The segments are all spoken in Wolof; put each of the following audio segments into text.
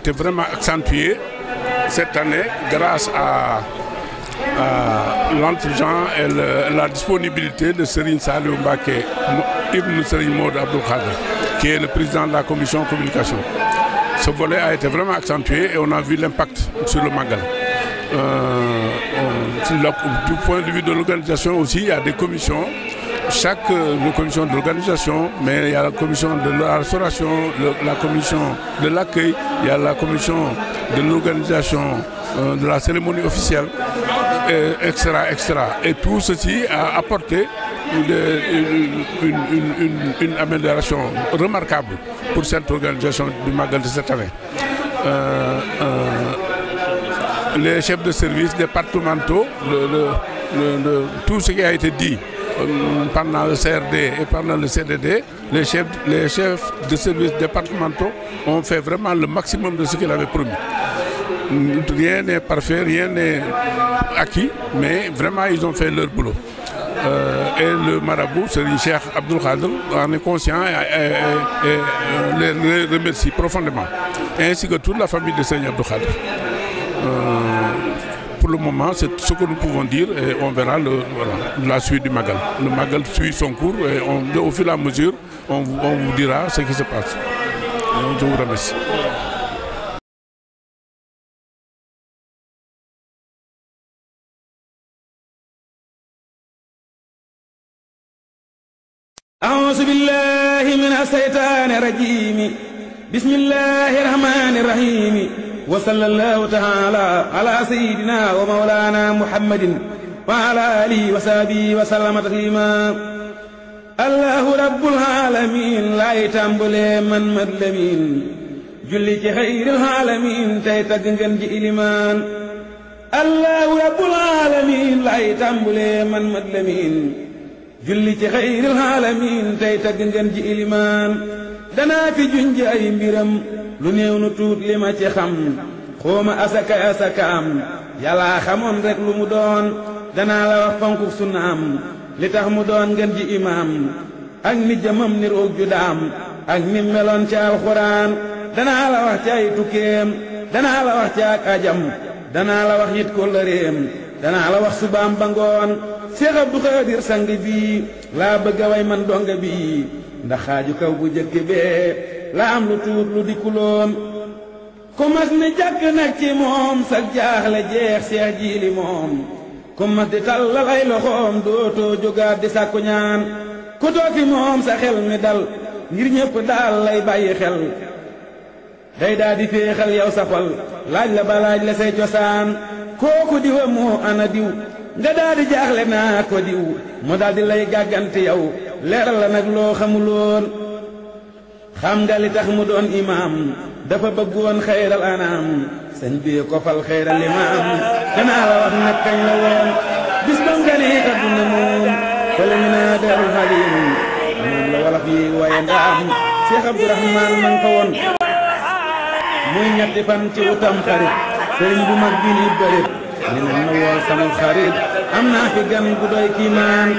été vraiment accentuée cette année grâce à, à l'entregent et le, la disponibilité de Serine Salou Mbake, Ibn Serine Maud Abdul qui est le président de la commission communication. Ce volet a été vraiment accentué et on a vu l'impact sur le Magal. Euh, euh, du point de vue de l'organisation aussi, à des commissions chaque euh, commission de l'organisation, mais il y a la commission de la restauration, la commission de l'accueil, il la commission de l'organisation euh, de la cérémonie officielle, et, etc., Et tout ceci a apporté euh, une, une, une, une amélioration remarquable pour cette organisation du Magal de cette année. Euh, euh, les chefs de service départementaux, le, le, tout ce qui a été dit Euh, pendant le CRD et pendant le CDD, les chefs, les chefs de services ont fait vraiment le maximum de ce qu'ils avaient promis. Rien n'est parfait, rien n'est acquis, mais vraiment ils ont fait leur boulot. Euh, et le marabout, c'est le Cheikh Abdul en est conscient et, euh, les, remercie profondément, ainsi que toute la famille de Seigneur Abdul pour le moment, c'est ce que nous pouvons dire et on verra le, voilà, la suite du Magal. Le Magal suit son cours et on, au fur et à mesure, on vous, on vous dira ce qui se passe. Et je vous remercie. أعوذ بالله من الشيطان الرجيم بسم الله الرحمن الرحيم وصلى الله تعالى على سيدنا ومولانا محمد وعلى آله وصحبه وسلم تسليما الله رب العالمين laay tàmbalee man mat lamin julli ci xayril aalamiin tey tagg ngeen ji ilimaan allahu rabbul aalamiin laay tàmbalee man mat lamin julli ci xayril aalamiin tey tagg ngeen ji ilimaan danaa fi juñ ay mbiram lu néew nu tuut li ma ci xam xooma asaka asaka am yàllaa xamoon rek lu mu doon danaa la wax fonku sunna am li tax mu doon ngeen ji imaam ak ni jëmam ni roog ju daam ak ni meloon alxuraan danaa la wax ci ay tukkeem danaa la wax ci ak ajam danaa la wax yit kóllëreem danaa la wax subaam ba ngoon Seex Abdu Xaadir sang bii laa bëgg way man donga bii ndax xaaju kaw bu jëkk bee la am lu tuut lu dikkuloon ku mas ni jàkk nag ci moom sag jaaxle jeex seex jiili moom ku mas di tallalay loxoom dootoo jógaat di sàkku ñaan ku toog moom sa xel mi dal ngir ñépp daal lay bàyyi xel day daa di féexal yow safal laaj la ba laaj la say cosaan kooku diwa moo ana diw nga daa di jaaxle naa ko diw mu daal di lay gàggante yow leeral la nag loo xamuloon xam nga tax mu doon imaam dafa bëgg woon xayral anaam sëñ bi ko fal xayral imaam danaa la wax nag woon bis ba nga ne adduna moom fële ñu naa deru xalim moom la wolof yi waaye ndaam Cheikh Abdourahman man fa woon muy ñetti fan ci utam xarit sëriñ bu mag bi ni bërit ni na wool sama xarit am naa gan gu doy kiimaan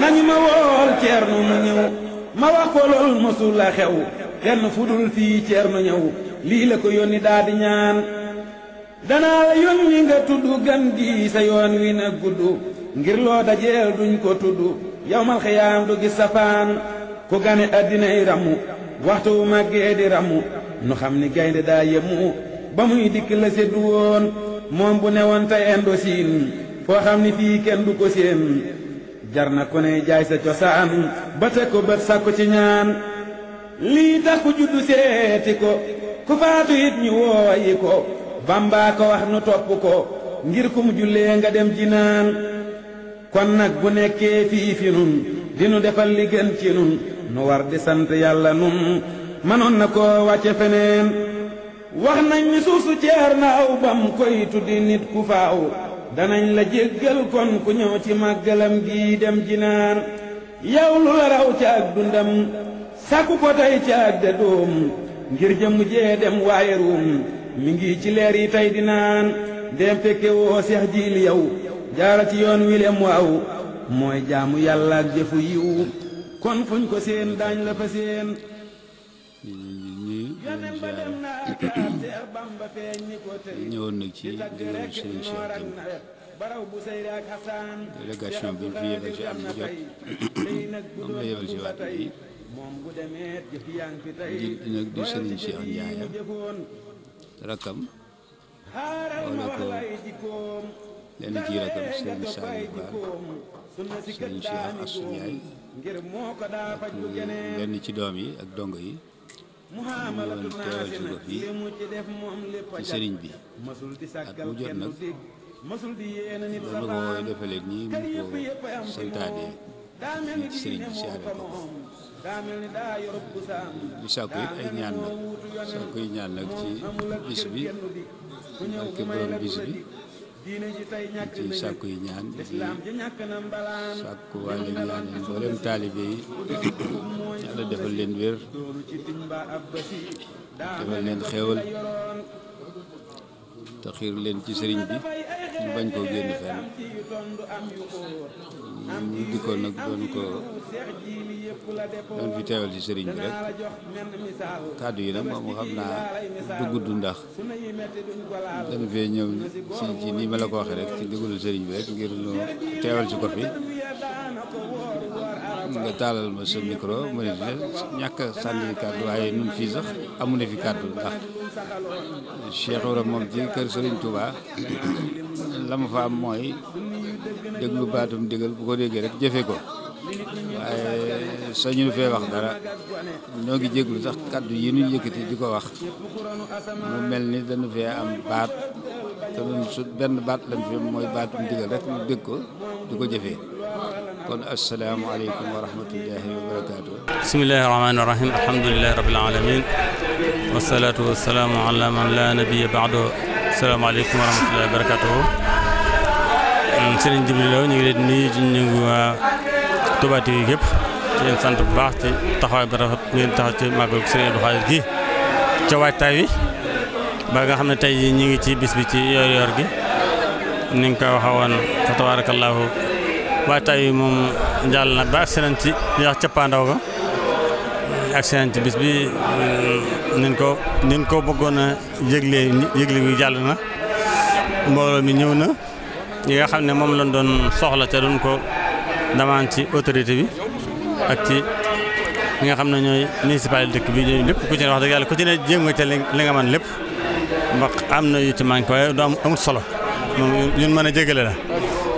nañu ma wool ceerno mu ñëw ma wax ko lool mësul la xew kenn fudul fii ceerno ñëw lii la ko yónni daa di ñaan danaa yónni nga tudd gan gi sa yoon wi na gudd ngir loo dajeel duñ ko tudd yawmal xiyaam du gis safaan ku gane addinay ramu waxtu wu màggee ramu nu xam ni gaynde daa yemu ba muy dikk seddu woon moom bu newoon te endosin foo xam ni fii kenn du ko séen jar na ku ne jaay sa cosaan ba teg ko bët sàkku ci ñaan lii tax ku juddu seeti ko ku faatu it ñu wooyi ko bambaa ko wax nu topp ko ngir ku mu jullee nga dem ji naan kon nag bu nekkee fii fi nun dinu defal li gën ci nun nu war di sant yàlla nun mënoon na koo wàcce feneen wax nañ ni suuf su na aw bam koy tuddi nit ku faaw danañ la jéggal kon ku ñëw ci màggalam gi dem jinaan yow lu la raw ca ak dundam sakku ko tey ca ak de doom ngir jëmu jee dem waaye ruum mi ngi ci leer yi tey di naan dem fekke woo seex jiil yow jaara ci yoon wilem waaw mooy jaamu yàlla ak jëfu yiw kon fuñ ko seen daañ la fa seen ñëwoon nag ci ndigalu Serigne Cheikh Deme délégation bi fi yebal ci am na jot moom la yebal ci waat bi njiit nag di Serigne Cheikh Ndiaye rakkam wala ko lenn ci rakkam Serigne Saliou Ba Serigne Cheikh Assou Ndiaye ak lenn ci doom yi ak dongo yi. mu ñëwoon teewal si ko fii ci sëriñ bi at mu jot nag loolu ci sëriñ bi siyaare ko ko di sàkku it ay ñaan nag bis bi ci sàkku yi ñaan di sàkku wàllu ñaan mboolem taalibe yi yàlla defal leen wér defal leen xéewal te xiir leen ci sëriñ bi ñu bañ koo génn fenn ñu dikkoon nag doon ko doon fi teewal ci sëriñ bi rek kàddu yi nag moom xam naa du gudd ndax dañu fee ñëw ci ci ni ma la ko waxee rek ci ndigalul sëriñ bi rek ngir ñu teewal ci ko fi nga taalal ma sa micro ma ne ñàkk a sànni kàddu waaye ñun fii sax amu na fi kàddu ndax Cheikh Ibrahima moom ci kër Serigne tubaa la mu fa am mooy déglu baatum digal bu ko déggee rek jëfee ko waaye sañu fee wax dara ñoo ngi jéglu sax kàddu yi ñu yëkkati di ko wax mu mel ni dañu fee am baat te ñun su benn baat lañ fi mooy baatum digal rek ñu dégg ko du ko jëfee. kon asalaamaaleykum wa rahmatullahi wa barakaatu. bismillahi rahmaani rahim alhamdulilahi rabbil alamin wasalaatu wasalaamu ala man la nabiya baado asalaamaaleykum wa rahmatullahi wa barakaatu. Mm, Sëriñ Jibril Lo ñu ngi leen nuyu di nuyu waa Touba TV yëpp di leen sant bu baax ci taxawaay bi rafet ngeen taxaw ci màggal Sëriñ Abdou Khadre gi ca waajtaay wi ba nga xam ne tey ñu ngi ci bis bi ci yor-yor gi ni nga ko waxee woon fa tabaarakallaahu waa tay moom jàll na ba agsi nañ ci yax cappaandaw ga agsi nañ ci bis bi mm, nin ko nin ko bëggoon a yëgle yëgle bi jàll na mbooloo mi ñëw na yi nga xam ne moom lañ doon soxla te duñ ko damaan ci autorité bi ak ci ñi nga xam ne ñooy municipalité dëkk bi ñooy lépp ku ci ne wax dëgg yàlla ku ci ne jéem nga ca li nga man lépp ba am na yu ci manqué waaye am amut solo moom ñun mën a jégale la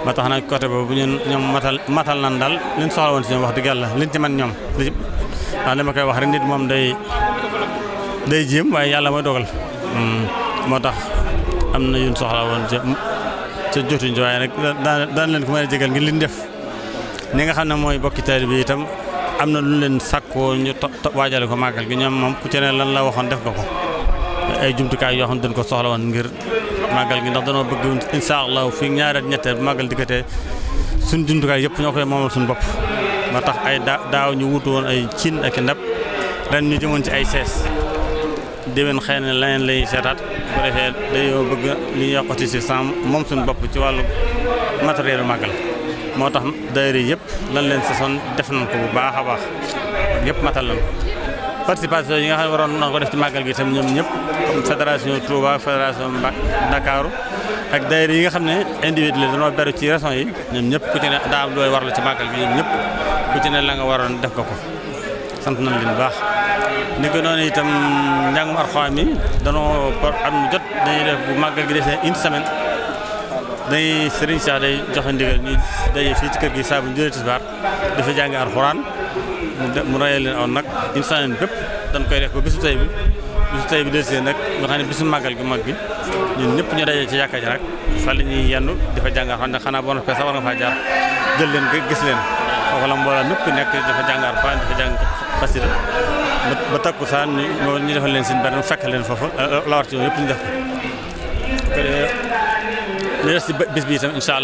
ba tax nag côté boobu ñun ñoom matal matal nan daal liñ soxla woon si ñoom wax dëgg yàlla liñ man ñoom waaw dama koy wax rek nit day day jéem waaye yàlla mooy dogal hmm, moo tax am na yuñ soxla woon ca ca jotuñ ci waaye nag daan leen ko mën a jégal ngir lin def ni nga xam ne mooy bokki bi itam am na lu leen sàkkoo ñu waajale ko màggal gi ñoom moom ku ci lan la waxoon def nga ko ay jumtukaay yoo xam ne ko soxla woon ngir màggal gi ndax danoo bëgg incha allah fii ñaari at ñetteel bu màggal dikkatee suñ jumtukaay yëpp ñoo koy moomal suñu bopp moo tax ay daaw ñu wutu woon ay ciin ak ndab ren ñu jëmoon ci ay sees déwén xëy na leneen lay seetaat bu defee dañoo bëgg ñu yokkati si sam moom suñu bopp ci wàllu matériel màggal moo tax daayira yëpp lan leen sason def nañ ko bu baax a baax yëpp matal nañ participation yi nga xam ne waroon nañ ko def ci màggal gi itam ñoom ñëpp comme fédération Touba fédération Mbac Ndakaaru ak daayira yi nga xam ne individu la dañoo beru ci régions yi ñoom ñëpp ku ci ne daa am looy war la ci màggal gi ñoom ñëpp ku ci ne la nga waroon def ko ko sant nañ leen bu baax. ni ko noonu itam njàngum Alxuraan yi danoo am at jot dañuy def bu màggal gi defee une semaine dañuy Serigne Cheikh day joxe ndigal ñu daje fii ci kër gi saa bu ñu dafa jàng mu rayal leen aw nag im sanen bépp dañ koy def ba bisu tey bi bisu tey bi desee nag nga xam ne bisu màggal gi mag bi ñun ñëpp ñu dajee ci jàkka ji nag fa la ñuy yendu dafa jàngaar xam ne xanaa boo noppee sax war nga faa jaar gis leen foofu la mbooloo ñëpp nekk dafa jàngaar fa dafa jàng fasida ba takku saa ñu ñu defal leen seen benn fekk leen foofu euh, euh, la war ci yëpp ñu def li des ci bis bi itam incha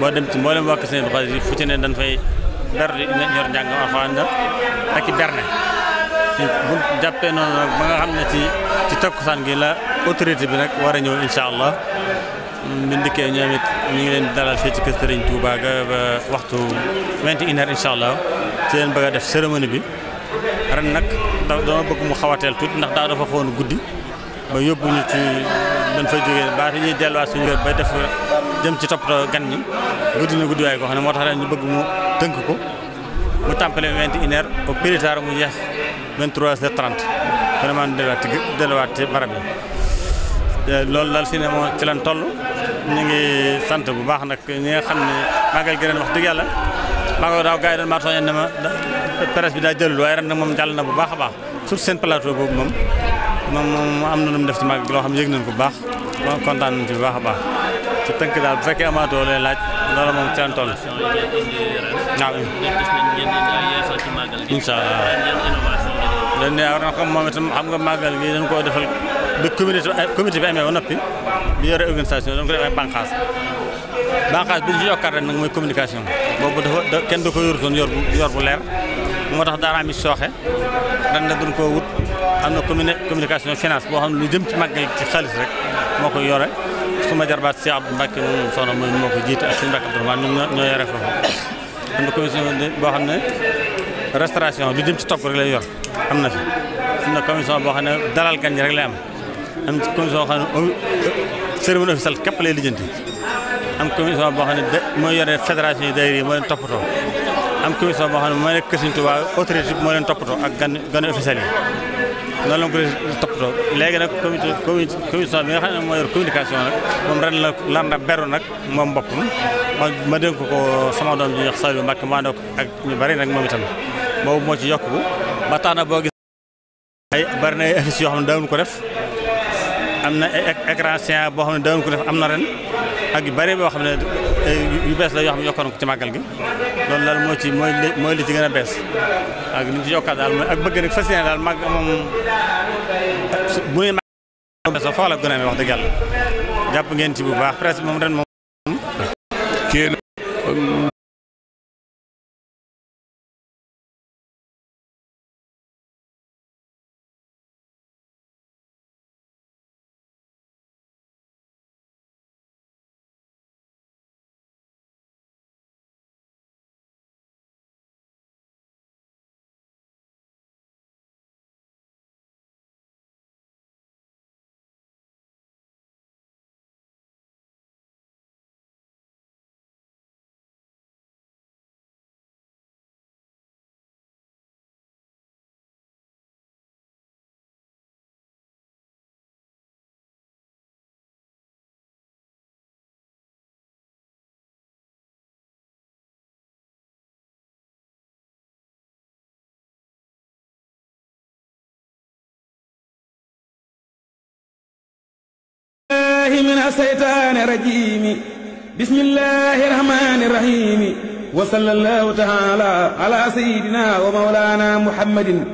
boo dem ci mboolem wàkk seen xarit yi fu ci ne dañ fay berde ñor njàng alxuraan la ak i berne bu jàppee noonu nag ba nga xam ne ci ci takkusaan gi la autorité bi nag war a ñëw incha allah ñu mm, ndikkee ñoom it ñu ngi leen dalal fii ci kër Serigne Touba ga ba waxtu vingt et une heures incha allah ci leen bëgg a def cérémonie bi ren nag dama bëgg mu xawateel tuuti ndax daa dafa xawoon guddi ba yóbbu ñu ci dañ fay jógee baax ñuy delluwaat suñu kër ba def jëm ci toppatoo gan ñi guddi na guddi waaye koo xam ne moo tax ren ñu bëgg mu tënk ko mu tàmpale 21h au plus tard mu jeex 23h30 kon maa ngi delluwaat ci ci barab euh, loolu daal fi ne moo ci lan toll ñu ngi sant bu baax nag ñi nga xam ne màggal gi ren wax dëgg yàlla maa ngi daaw gars yi doon maa tooñoon ne ma bi daa jëlul waaye ren nag moom jàll na bu baax a baax surtout seen plateau boobu moom moom moom am na lu mu def ci màggal loo xam ne yëg nañ ko bu baax kontaan nañ ci bu baax a baax ci tënk daal bu fekkee amaatoo lay laaj loolu moom ci lan toll waaw incha allah leen ne war na xam moom itam xam nga màggal gi dañ koo defal bi communauté communauté bi amee ba noppi bi yore organisation dañ ko def ay bi ñu ci rek nag mooy communication boobu dafa kenn da ko yorutoon yor bu yor bu leer moo tax daara mi sooxe ren nag duñ wut am na commune communication finance boo xam ne lu jëm ci màggal ci xaalis rek moo koy yore su ma jarbaat si Abdou Mbacke moom soxna mooy moo ko jiite ak suñu mbàkk Abdourahmane ñoom ñoo yore foofu am na commission boo xam ne restauration lu jëm ci togg rek lay yor am na fi am na commission boo xam ne dalal gan ñi rek lay am am commission boo xam ne cérémonie officielle képp lay lijjanti am commission boo xam ne de mooy yor fédération yi daayira yi moo leen toppatoo am commission boo xam ne mooy nekk Kër Sëriñ Tuubaa autorité moo leen toppatoo ak gan gan officiel yi noonu la ko toog léegi nag comité commission bi nga xam ne moo yor communication nag moom ren la lar na beru nag moom boppam ma ma dénk ko sama doom ji ñuy wax Saliou Mbacke maa ak ñu bari nag moom itam boobu moo ci yokku ba tax na boo gis ay bari na ay yoo xam ne daawuñ ko def am na écran géant boo xam ne daawuñ ko def am na ren ak yu bari boo xam ne yu bees la yoo xam ne yokkoon ko ci màggal gi loolu daal moo ci mooy li mooy li ci gën a bees ak li ñu ci yokkaat daal ak bëgg rek fas daal màgg bu ngeen sax fa la gën a amee wax dëgg yàlla jàpp ngeen ci bu baax presse moom ren moom الشيطان الرجيم بسم الله الرحمن الرحيم وصلى الله تعالى على سيدنا ومولانا محمد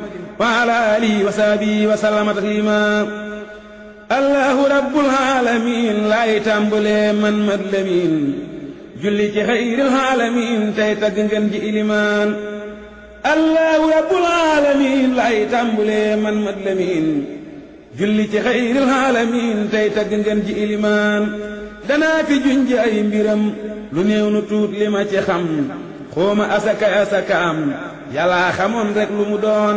وعلى آله وصحبه وسلم تسليما الله رب العالمين لا تامبلي من مدلمين julli ci xayril alamin tey tagg ngeen ji ilimaan allahu rabbul alamin lay tàmbulee man mat lamin julli ci xayril xaalamiin tey tagg ngeen ji ilimaan danaa fi juñ ay mbiram lu néew nu tuut li ci xam xooma asaka asaka am yàllaa xamoon rek lu mu doon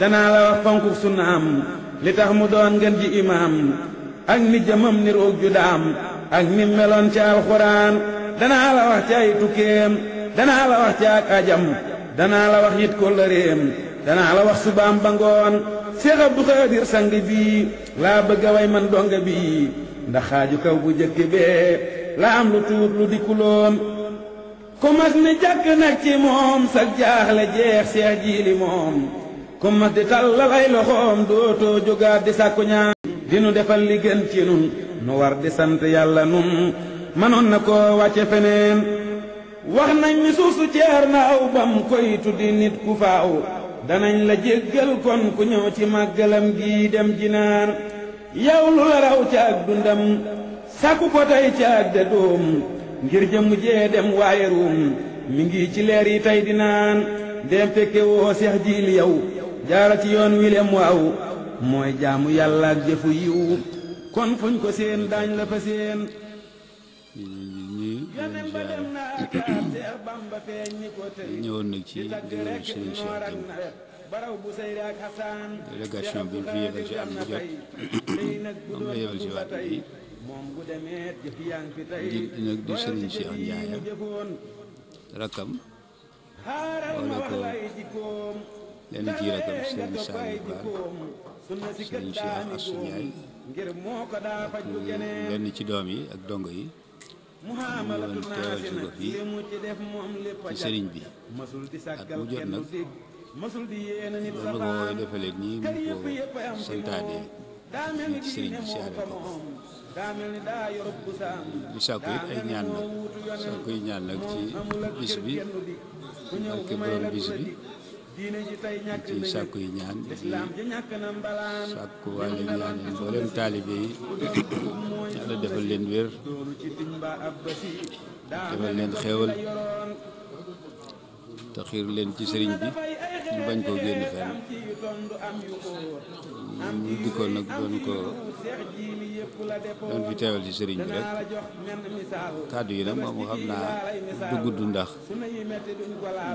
danaa la wax fonku sunna am li tax mu doon ngeen ji imaam ak ni jëmam ni roog ju daam ak ni ci alxuraan danaa la wax ci ay tukkeem danaa la wax ci ak ajam danaa la wax yit kóllëreem danaa la wax subaam ba ngoon Seex Abdu Xaadir sang bii laa bëgg a way man donga bii ndax xaaju kaw bu jëkk bee laa am lu tuut lu dikkuloon ku mas ni jàkk nag ci moom sag jaaxle jeex seex jiili moom ku mas di tallalay loxoom dootoo jógaat di sàkku ñaan dinu defal li gën ci nun nu war di sant yàlla nun mënoon na koo wàcce feneen wax nañ ni suuf su ceer na aw bam koy tuddi nit ku faaw danañ la jéggal kon ku ñaw ci màggalam gii dem jinaan yow lu la raw ca ak dundam sakku ko tey ca de doom ngir jëm jee dem waaye ruum mi ngi ci leer yi tey di naan dem fekke woo seex jiil yow jaara ci yoon wi lem mooy jaamu yàlla ak jëfu yiw kon fuñ ko seen daañ la fa seen ñëwoon nag ci ndigalu Serigne Cheikh Deme délégation bi ñu fi yebal ci at bu jot moom rakkam boole ko lenn ci rakkam lenn ci doom yi ak dongo yi. mu ñëwoon teewal si ko fii ci sëriñ bi at mu jot nag ci sëriñ bi siyaare ko ko ñu sàkku it ay bis bi ci sàkku yi ñaan di sàkku wàllu ñaan yi mboolem taalibe yi yàlla defal leen wér defal leen xéewal te xiir leen ci sëriñ bi ñu bañ koo génn fenn ñu dikkoon nag doon ko doon fi teewal ci sëriñ bi rek kàddu yi nag moom xam naa du ndax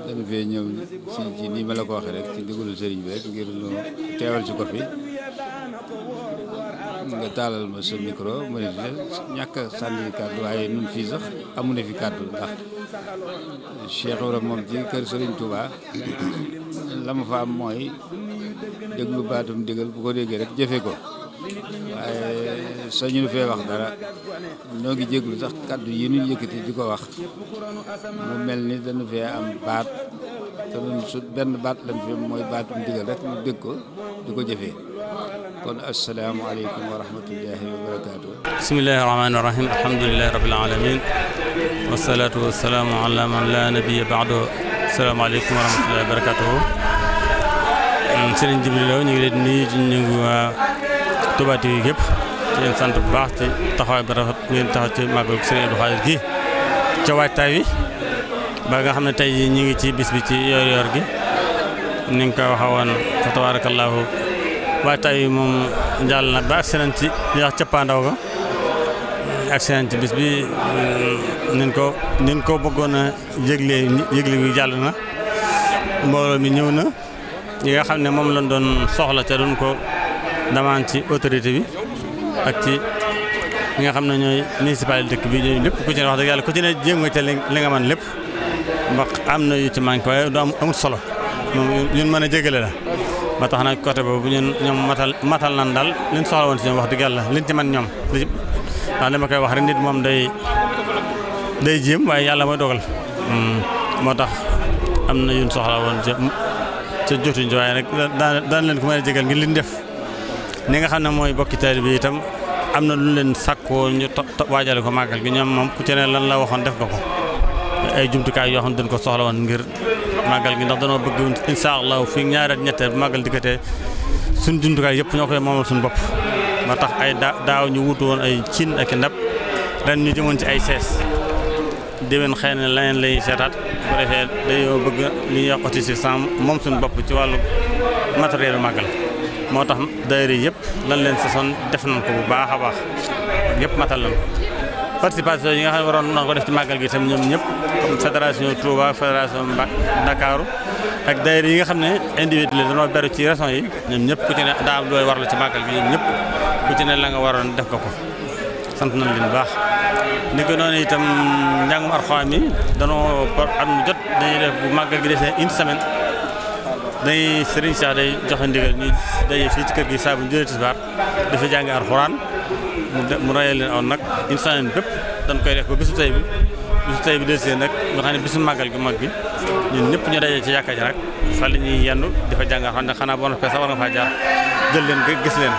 dañu fee ñëw ci ci ma la ko waxee rek ci ndigalul sëriñ bi rek ngir ñu teewal ci ko fi nga taalal ma sa micro ma ne la ñàkk a sànni kàddu waaye ñun fii sax amuñu fi kàddu ndax Cheikh moom ci kër Serigne Touba la ma fa am mooy déglu baatum digal bu ko déggee rek jëfe ko waaye sañu fee wax dara ñoo ngi jéglu sax kàddu yi ñu yëkkati di ko wax mu mel ni dañu fee am baat te ñun su benn baat lañ fi mooy baatum digal rek ñu dégg ko du ko jëfee. kon asalaamaaleykum wa rahmatullahi wa barakaatu. bismillahi rahmaani rahim alhamdulilahi rabbil alamin wasalaatu wasalaamu ala man la nabiya baado asalaamaaleykum wa rahmatullahi wa barakaatu. Mm, Serigne Djibril Lo ñu ngi leen nuyu di nuyu waa Touba TV yëpp di leen sant bu baax ci taxawaay bi rafet ngeen taxaw ci màggal Serigne Abdou Khadir gi ca waajtaay wi ba nga xam ne tey ñu ngi ci bis bi ci yor-yor gi ni nga ko waxee woon fa tabaarakallaahu waa tay moom jàll na ba agsi nañ ci yax cappaandaw ga agsi nañ ci bis bi mm, nin ko nin ko bëggoon a yëgle yëgle bi jàll na mbooloo mi ñëw na yi nga xam ne moom lañ doon soxla te doon ko demande ci autorité bi ak ci ñi nga xam ne ñooy municipalité dëkk bi ñooy lépp ku ci ne wax dëgg yàlla ku ci ne jéem nga ca li nga man lépp mbax am na yu ci manqué waaye amut solo moom ñun mën a jégale la ba tax na côté boobu ñun ñoom matal matal nan daal liñ soxla woon si ñoom wax dëgg yàlla liñ ci man ñoom ndax li ma koy wax rek nit moom day day jéem waaye yàlla mooy dogal hmm, moo tax am na yuñ soxla woon ca ca jotuñ ci waaye nag daan leen ko mën a jégal ngir liñ def ni nga xam ne mooy bokki taalibe bi itam am na lu leen sàkkoo ñu waajale ko màggal gi ñoom moom ku ci ne lan la waxoon def ko ay jumtukaay yoo xam ne ko soxla woon ngir màggal gi ndax danoo bëgg incha allah fii ñaari at ñetteel bu màggal dikkatee suñ jumtukaay yëpp ñoo koy moom suñu bopp ma tax ay daaw ñu wutu woon ay ciin ak i ndab ren ñu jëmoon ci ay sees déwén xëy na leneen lay seetaat bu defee dañoo bëgg li ñuy yokkati si sam moom suñu bopp ci wàllu matériel màggal moo tax daayira yëpp lan leen sason def nañ ko bu baax a baax yëpp matal nañ participation yi nga xam ne waroon na ko def ci màggal gi itam ñoom ñëpp comme fédération Touba fédération Mbac Ndakaaru ak daayira yi nga xam ne individu danoo dañoo beru ci régions yi ñoom ñëpp ku ci ne daa am looy war la ci màggal gi ñoom ñëpp ku ci ne la nga waroon def nga ko sant nañ leen baax ni ko noonu itam njàngum Alxuraan mi danoo am jot dañuy def bu màggal gi desee une semaine dañuy Serigne Cheikh day joxe ndigal ñu daje fii ci kër gi saa bu ñu dafa jàng mu rayal leen aw nag insaan bépp dañ koy def ba bisu tey bi bisu tey bi desee nag nga xam ne bisu màggal gu mag bi ñun ñëpp ñu dajee ci yàkka ji nag fa la ñuy yendu dafa jàngaar xanaa boo na fee sax war nga faa jaar jël gis leen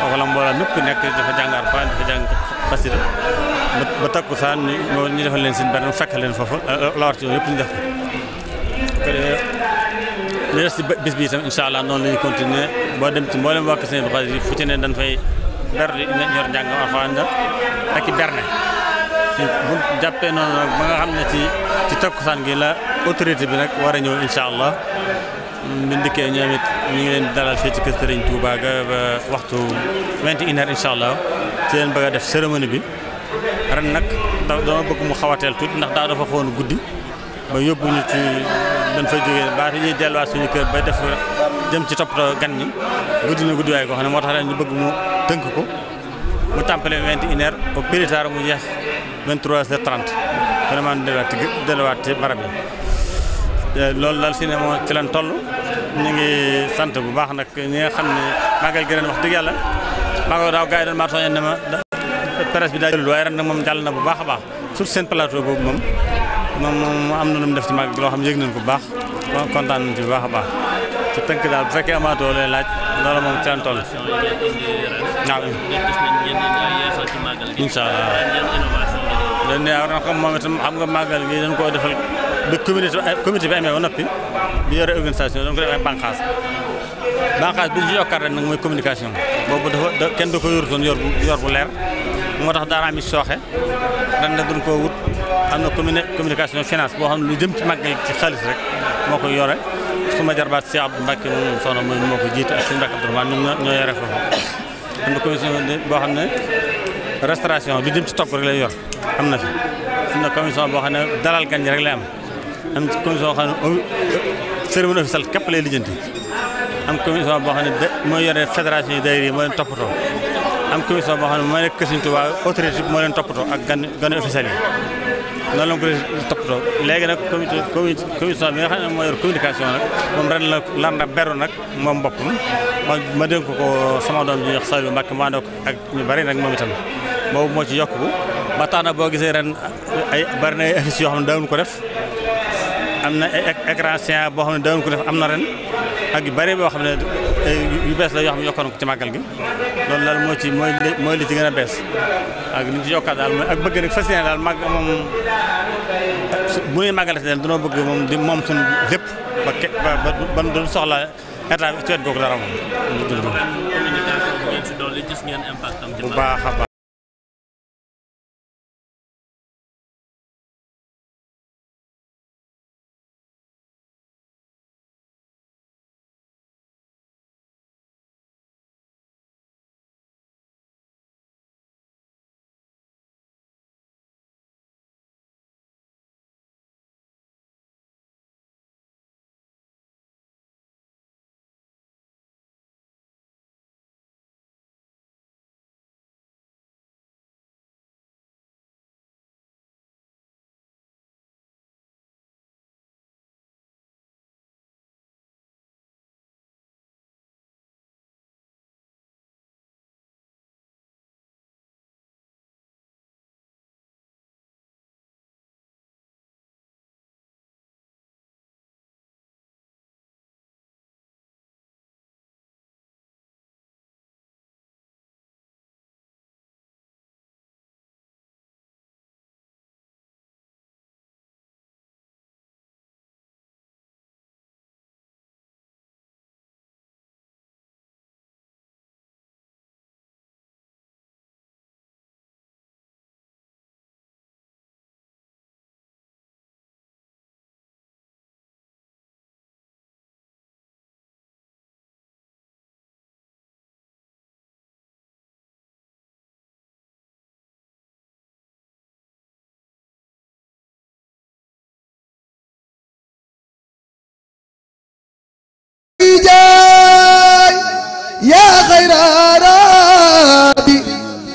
foofu la mbooloo ñëpp nekk dafa jàngaar fa dafa jàng xasida ba takku saan ñu defal leen si benn fekk leen foofu la war ci yoon ñu def li des ci bis bi itam incha allah noonu la ñuy continuer boo dem ci mboolem wàkk seen bi xarit fu ci ne dañ fay berdu ñor njàngam alxuraan la ak i berne bu jàppee noonu nag ba nga xam ne ci ci takkusaan gi la autorité bi nag war a ñëw incha allah bi ndikkee ñoom it ñu ngi leen dalal fii ci kër Serigne Touba ga ba waxtu vingt et une heures incha allah ci leen bëgg a def cérémonie bi ren nag dama bëgg mu xawateel tuuti ndax daa dafa xawoon guddi ba yóbbu ñu ci dañ fa jógee baata ñuy delluwaat suñu kër ba def jëm ci toppatoo gan ñi guddi na guddi waaye koo xam moo tax ren ñu bëgg mu tënk ko mu tàmpale 21h au plus tard mu jeex 23h30 vraiment ñu delluwaat ci delluwaat ci barab yi eh, loolu daal fi ne ci lan toll ñu ngi sant bu baax nag ñi nga xam ne màggal gi ren wax dëgg yàlla maa ngi daaw gars yi doon maa tooñoon ne ma presse bi daa jëlul waaye ren nag moom jàll na bu baax a baax surtout seen plateau boobu moom moom moom am na lu mu def ci màggal gi loo xam ne yëg nañ ko bu baax kontaan nañ ci bu baax a baax ci tënk daal bu fekkee amaatoo laaj loolu moom seen tool waaw incha allah leen ne na xam moom itam xam nga màggal gi dañ koo defal bi communauté communauté bi amee ba noppi bi yore organisation ay bànqaas bànqaas bi ñu yokkaat rek nag mooy communication boobu dafa kenn da ko yor toon yor bu yor leer moo tax daara mi sooxe ren nag duñ koo wut am na communication finance boo xam ne lu jëm ci màggal ci xaalis rek moo koy yore suma jarbaat si Abdou Mbacke moom soxna mooy moo ko jiite ak suñu Mbacke Abdourahmane ñoom ñoo yore foofu am na boo xam ne restauration lu jëm ci togg rek lay am na fi am na commission boo xam ne dalal gan ñi rek lay am am commission boo xam ne euh, cérémonie officielle képp lay lijjanti am commission boo xam ne mooy yore fédération yi daayira yi moo leen toppatoo am boo xam ne mooy nekk moo leen toppatoo ak gan gan officiel yi noonu la ko toog léegi nag comité commission bi nga xam ne moo yor communication nag moom ren la lan na beru nag moom boppam ma ma dénk ko sama doom ji bari nag moom itam boobu moo ci yokku ba tax na boo gisee ren ay bari na ay affiches yoo xam ne daawuñu ko def am na ay écran géant boo xam ne daawuñu ko def am na ren ak yu bari boo xam ne yu bees la yoo xam ne yokkoon ko ci màggal gi loolu daal moo ci mooy li ci gën a bees ak li ñu ci daal ak bëgg nag fas daal màgg moom. bu ñuy màggale si leen dañoo bëgg moom di moom suñu lépp ba ke ba ba duñ soxla état bi ci wet googu dara moom. bu baax